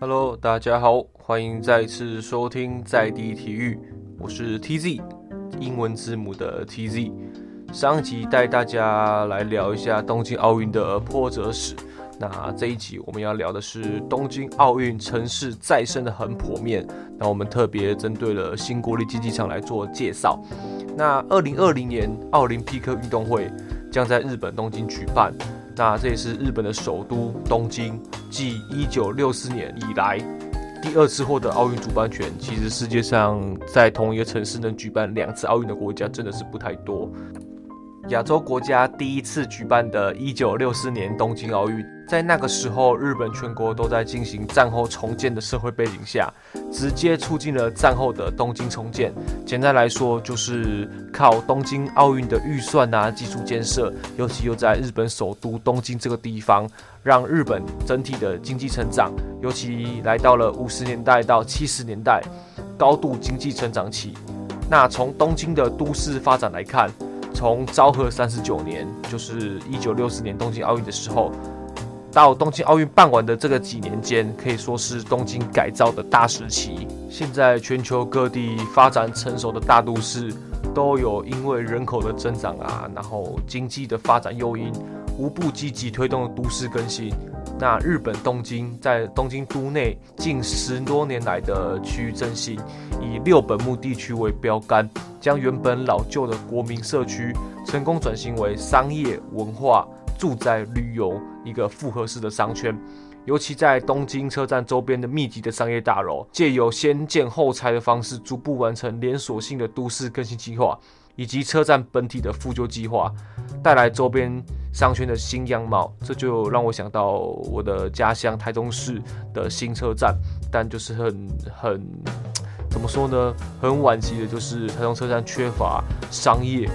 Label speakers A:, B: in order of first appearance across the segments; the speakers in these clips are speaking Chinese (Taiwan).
A: Hello，大家好，歡迎再次收聽在地體育，我是 TZ，英文字母的 TZ。上一集帶大家來聊一下東京奧運的波折史，那這一集我們要聊的是東京奧運城市再生的橫剖面，那我們特別針對了新國立競技場來做介紹。那二零二零年奧林匹克運動會將在日本東京舉辦。那這也是日本的首都東京，繼1964年以來第二次獲得奧運主辦權。其實世界上在同一個城市能舉辦兩次奧運的國家真的是不太多。亞洲國家第一次舉辦的一九六四年東京奧運，在那個時候，日本全國都在進行戰後重建的社會背景下，直接促進了戰後的東京重建。簡單來說，就是靠東京奧運的預算啊，基礎建設，尤其又在日本首都東京這個地方，讓日本整體的經濟成長，尤其來到了五十年代到七十年代高度經濟成長期。那從東京的都市發展來看。從昭和三十九年，就是一九六四年東京奧運的時候，到東京奧運辦完的這個幾年間，可以說是東京改造的大時期。現在全球各地發展成熟的大都市，都有因為人口的增長啊，然後經濟的發展誘因，無不積極推動的都市更新。那日本東京在東京都內近十多年來的區域振興，以六本木地區為標杆，將原本老舊的國民社區成功轉型為商業、文化、住宅、旅遊一個複合式的商圈。尤其在東京車站周邊的密集的商業大樓，借由先建後拆的方式，逐步完成連鎖性的都市更新計劃，以及車站本體的復舊計劃，帶來周邊。商圈的新樣貌，這就讓我想到我的家鄉台中市的新車站，但就是很很，怎麼說呢，很惋惜的就是台中車站缺乏商業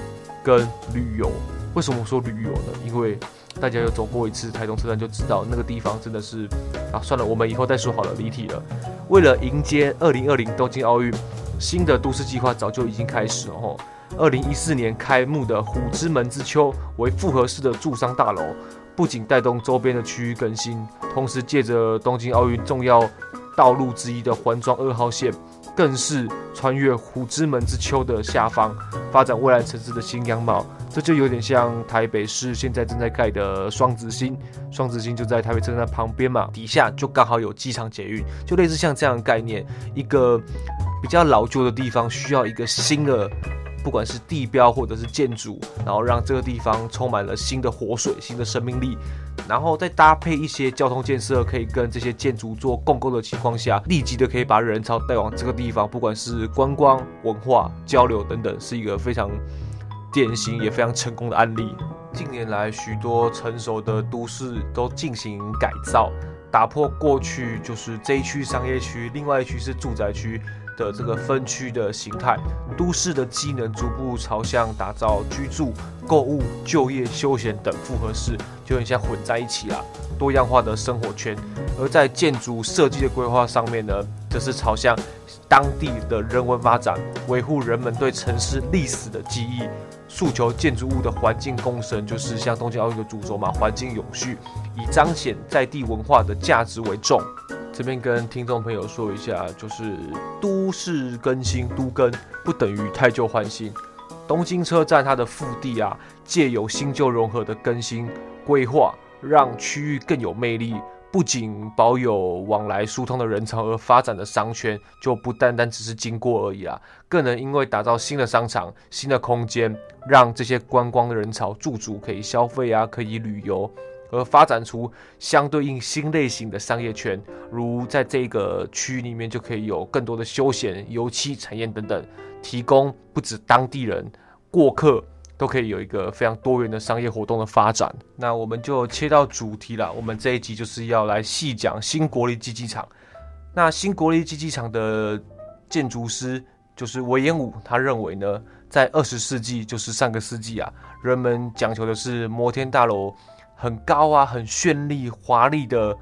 A: 跟旅遊。為什麼我說旅遊呢？因為大家有走過一次台中車站就知道，那個地方真的是……啊，算了，我們以後再說好了，離題了。為了迎接二零二零東京奧運，新的都市計劃早就已經開始了。二零一四年開幕的虎之門之丘為複合式的住商大樓，不僅帶動周邊的區域更新，同時借着東京奧運重要道路之一的環狀二號線，更是穿越虎之門之丘的下方，發展未來城市的新樣貌。這就有點像台北市現在正在蓋的雙子星，雙子星就在台北車站旁邊嘛，底下就剛好有機場捷運，就類似像這樣的概念，一個。比較老舊的地方需要一個新的，不管是地標或者是建築，然後讓這個地方充滿了新的活水、新的生命力，然後再搭配一些交通建設，可以跟這些建築做共構的情況下，立即的可以把人潮帶往這個地方，不管是觀光、文化交流等等，是一個非常典型也非常成功的案例。近年來，許多成熟的都市都進行改造，打破過去就是這一區商業區，另外一區是住宅區。的這個分區的形態，都市的機能逐步朝向打造居住、購物、就業、休閒等複合式，就很像混在一起啦，多樣化的生活圈。而在建築設計的規劃上面呢，則是朝向當地的人文發展，維護人們對城市歷史的記憶，訴求建築物的環境共生，就是像東京奧運的主軸嘛，環境永續，以彰顯在地文化的價值為重。這邊跟聽眾朋友說一下，就是都市更新都更不等於汰舊換新。東京車站它的腹地啊，借由新舊融合的更新規劃，讓區域更有魅力。不僅保有往來疏通的人潮而發展的商圈，就不單單只是經過而已啦、啊，更能因為打造新的商場、新的空間，讓這些觀光的人潮駐駐、駐足可以消費啊，可以旅遊。而發展出相對應新類型的商業圈，如在這個區域裡面就可以有更多的休閒、遊憩產業等等，提供不止當地人、過客都可以有一個非常多元的商業活動的發展。那我們就切到主題了，我們這一集就是要來細講新國立競技場。那新國立競技場的建築師就是隈研吾，他認為呢，在二十世紀，就是上個世紀啊，人們講求的是摩天大樓。很高啊，很絢麗、華麗的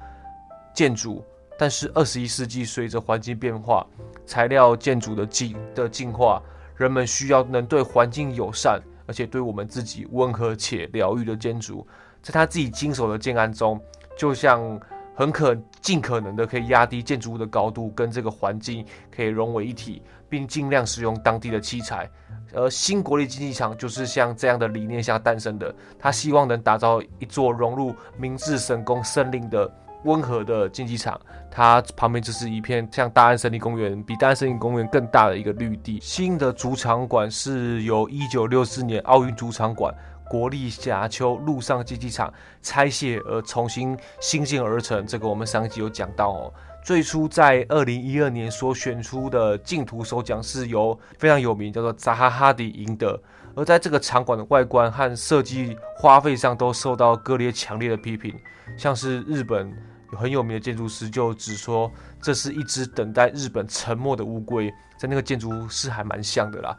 A: 建築。但是二十一世紀隨着環境變化、材料建築的進的進化，人們需要能對環境友善，而且對我們自己溫和且療癒的建築。在他自己經手的建案中，就像。很可盡可能的可以壓低建築物的高度，跟這個環境可以融為一體，並盡量使用當地的器材。而新國立競技場就是像這樣的理念下誕生的。它希望能打造一座融入明治神宮森林的溫和的競技場。它旁邊就是一片像大安森林公園，比大安森林公園更大的一個綠地。新的主場館是由1964年奧運主場館。國立霞丘陸上競技場拆卸而重新興建而成，這個我們上一集有講到哦。最初在二零一二年所選出的競圖首獎是由非常有名叫做扎哈哈蒂贏得，而在這個場館的外觀和設計花費上都受到各界強烈的批評，像是日本有很有名的建築師就指說，這是一隻等待日本沉沒的烏龜，在那個建築是還蠻像的啦。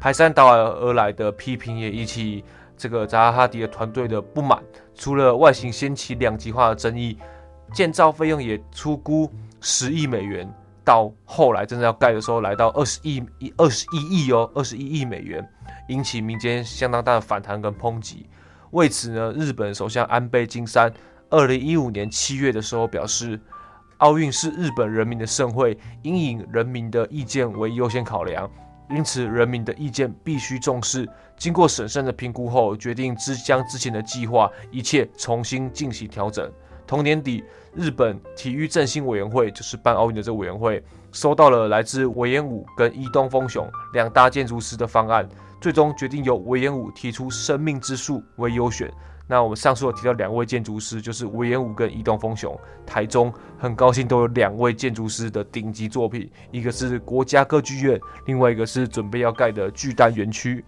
A: 排山倒海而來的批評也一起這個扎哈迪的團隊的不滿，除了外形掀起兩極化的爭議，建造費用也粗估十億美元，到後來真正,正要蓋的時候，來到二十億、二十一億哦，二十一億美元，引起民間相當大的反彈跟抨擊。為此呢，日本首相安倍晉三二零一五年七月的時候表示，奧運是日本人民的盛會，應以人民的意見為優先考量。因此，人民的意見必須重視。經過審慎的評估後，決定只將之前的計劃一切重新進行調整。同年底，日本體育振興委員會就是辦奧運的這個委員會，收到了來自隈研吾跟伊東豐雄兩大建築師的方案，最終決定由隈研吾提出“生命之樹”為優選。那我們上次提到兩位建築師，就是隈研吾跟伊東豊雄。台中很高興都有兩位建築師的頂級作品，一個是國家歌劇院，另外一個是準備要蓋的巨大園區。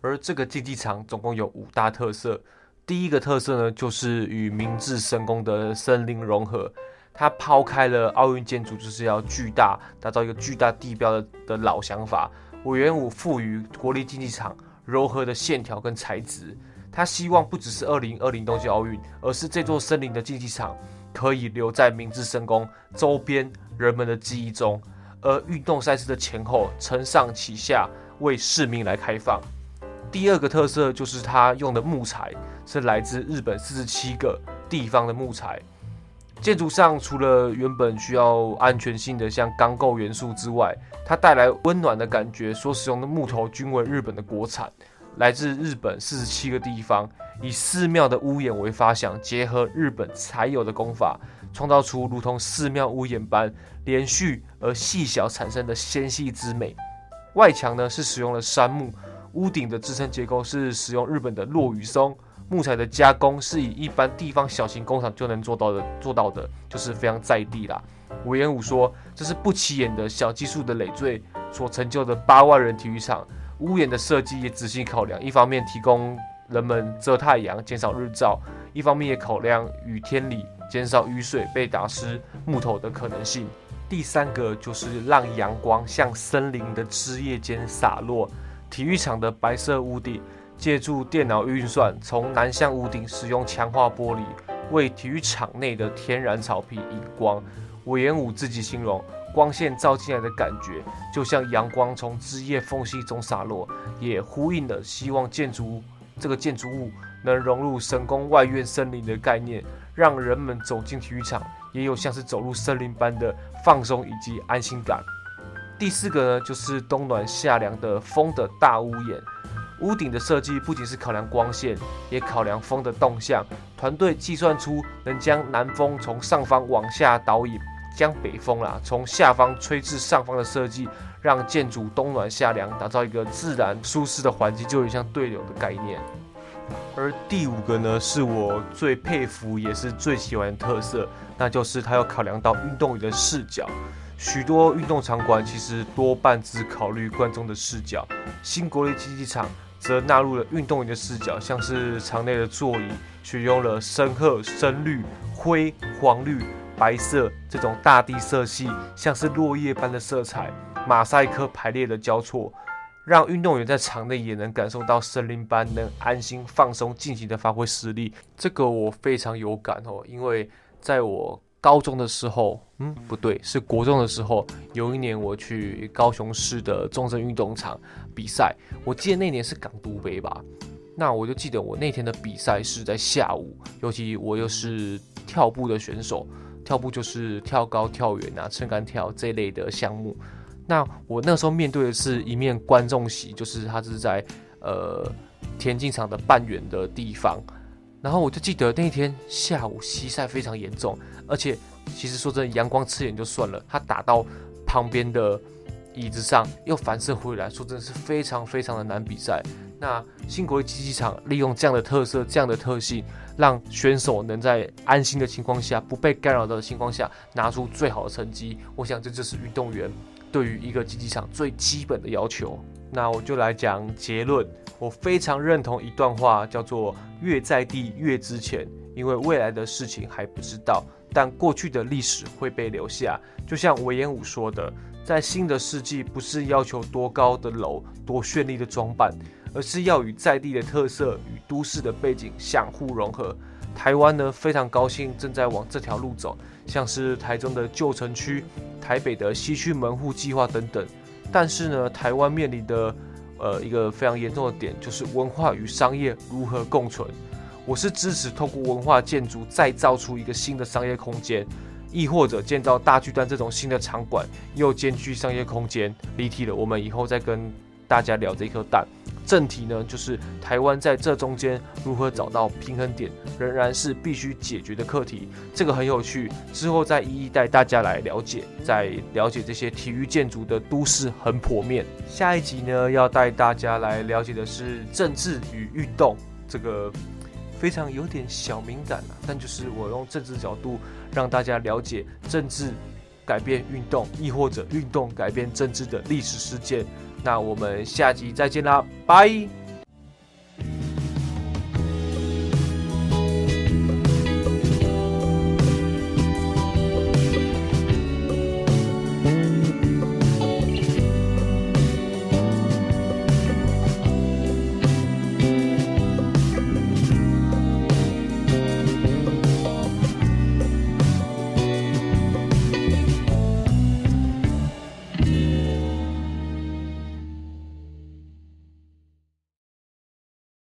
A: 而這個競技場總共有五大特色，第一個特色呢，就是與明治神宮的森林融合，它拋開了奧運建築就是要巨大、打造一個巨大地標的老想法。隈研吾賦予國立競技場柔和的線條跟材質。他希望不只是二零二零東京奧運，而是這座森林的競技場可以留在明治神宮周邊人們的記憶中，而運動賽事的前後承上啟下，為市民來開放。第二個特色就是他用的木材是來自日本四十七個地方的木材。建築上除了原本需要安全性的像鋼構元素之外，它帶來溫暖的感覺。所使用的木頭均為日本的國產。來自日本四十七個地方，以寺廟的屋檐為發想，結合日本才有的工法，創造出如同寺廟屋檐般連續而細小產生的纖細之美。外牆呢是使用了杉木，屋頂的支撐結構是使用日本的落羽松木材的加工，是以一般地方小型工廠就能做到的，做到的，就是非常在地啦。隈研吾說，這是不起眼的小技術的累贅所成就的八萬人體育場。屋檐的設計也仔細考量，一方面提供人們遮太陽、減少日照；一方面也考量雨天裡減少雨水被打濕木頭的可能性。第三個就是讓陽光向森林的枝葉間灑落。體育場的白色屋頂，借助電腦運算，從南向屋頂使用強化玻璃，為體育場內的天然草皮引光。隈研吾自己形容。光線照進來的感覺，就像陽光從枝葉縫隙中灑落，也呼應了希望建築這個建築物能融入神宮外苑森林的概念，讓人們走進體育場也有像是走入森林般的放鬆以及安心感。第四個呢，就是冬暖夏涼的風的大屋檐。屋頂的設計不僅是考量光線，也考量風的動向。團隊計算出能將南風從上方往下導引。將北風啦、啊，從下方吹至上方的設計，讓建築冬暖夏涼，打造一個自然舒適的環境，就有點像對流的概念。而第五個呢，是我最佩服也是最喜歡的特色，那就是它要考量到運動員的視角。許多運動場館其實多半只考慮觀眾的視角，新國立競技場則納入了運動員的視角，像是場內的座椅，選用了深褐、深綠、灰、黃綠。白色這種大地色系，像是落葉般的色彩，馬賽克排列的交錯，讓運動員在場內也能感受到森林般能安心放鬆，盡情的發揮實力。這個我非常有感哦，因為在我高中的時候，嗯，不對，是國中的時候，有一年我去高雄市的中正運動場比賽，我記得那年是港都杯吧。那我就記得我那天的比賽是在下午，尤其我又是跳步的選手。跳步就是跳高、跳遠啊，撐杆跳這一類的項目。那我那時候面對的是一面觀眾席，就是他是在呃田徑場的半圓的地方。然後我就記得那一天下午，西曬非常嚴重，而且其實說真的，陽光刺眼就算了，它打到旁邊的椅子上又反射回來，說真的是非常非常的難比賽。那新國立競技場利用這樣的特色、這樣的特性，讓選手能在安心的情況下、不被干擾的情況下，拿出最好的成績。我想，這就是運動員對於一個競技場最基本的要求。那我就來講結論。我非常認同一段話，叫做“越在地越值錢”，因為未來的事情還不知道，但過去的歷史會被留下。就像隈研吾說的，在新的世紀，不是要求多高的樓、多絢麗的裝扮。而是要與在地的特色與都市的背景相互融合。台灣呢，非常高興正在往這條路走，像是台中的舊城區、台北的西區門戶計劃等等。但是呢，台灣面臨的呃一個非常嚴重的點就是文化與商業如何共存。我是支持透過文化建築再造出一個新的商業空間，亦或者建造大巨蛋這種新的場館，又兼具商業空間。離題了，我們以後再跟大家聊這一顆蛋。正題呢，就是台灣在這中間如何找到平衡點，仍然是必須解決的課題。這個很有趣，之後再一一帶大家來了解。再了解這些體育建築的都市橫剖面，下一集呢，要帶大家來了解的是政治與運動。這個非常有點小敏感啊，但就是我用政治角度讓大家了解政治改變運動，亦或者運動改變政治的歷史事件。那我們下集再見啦，拜。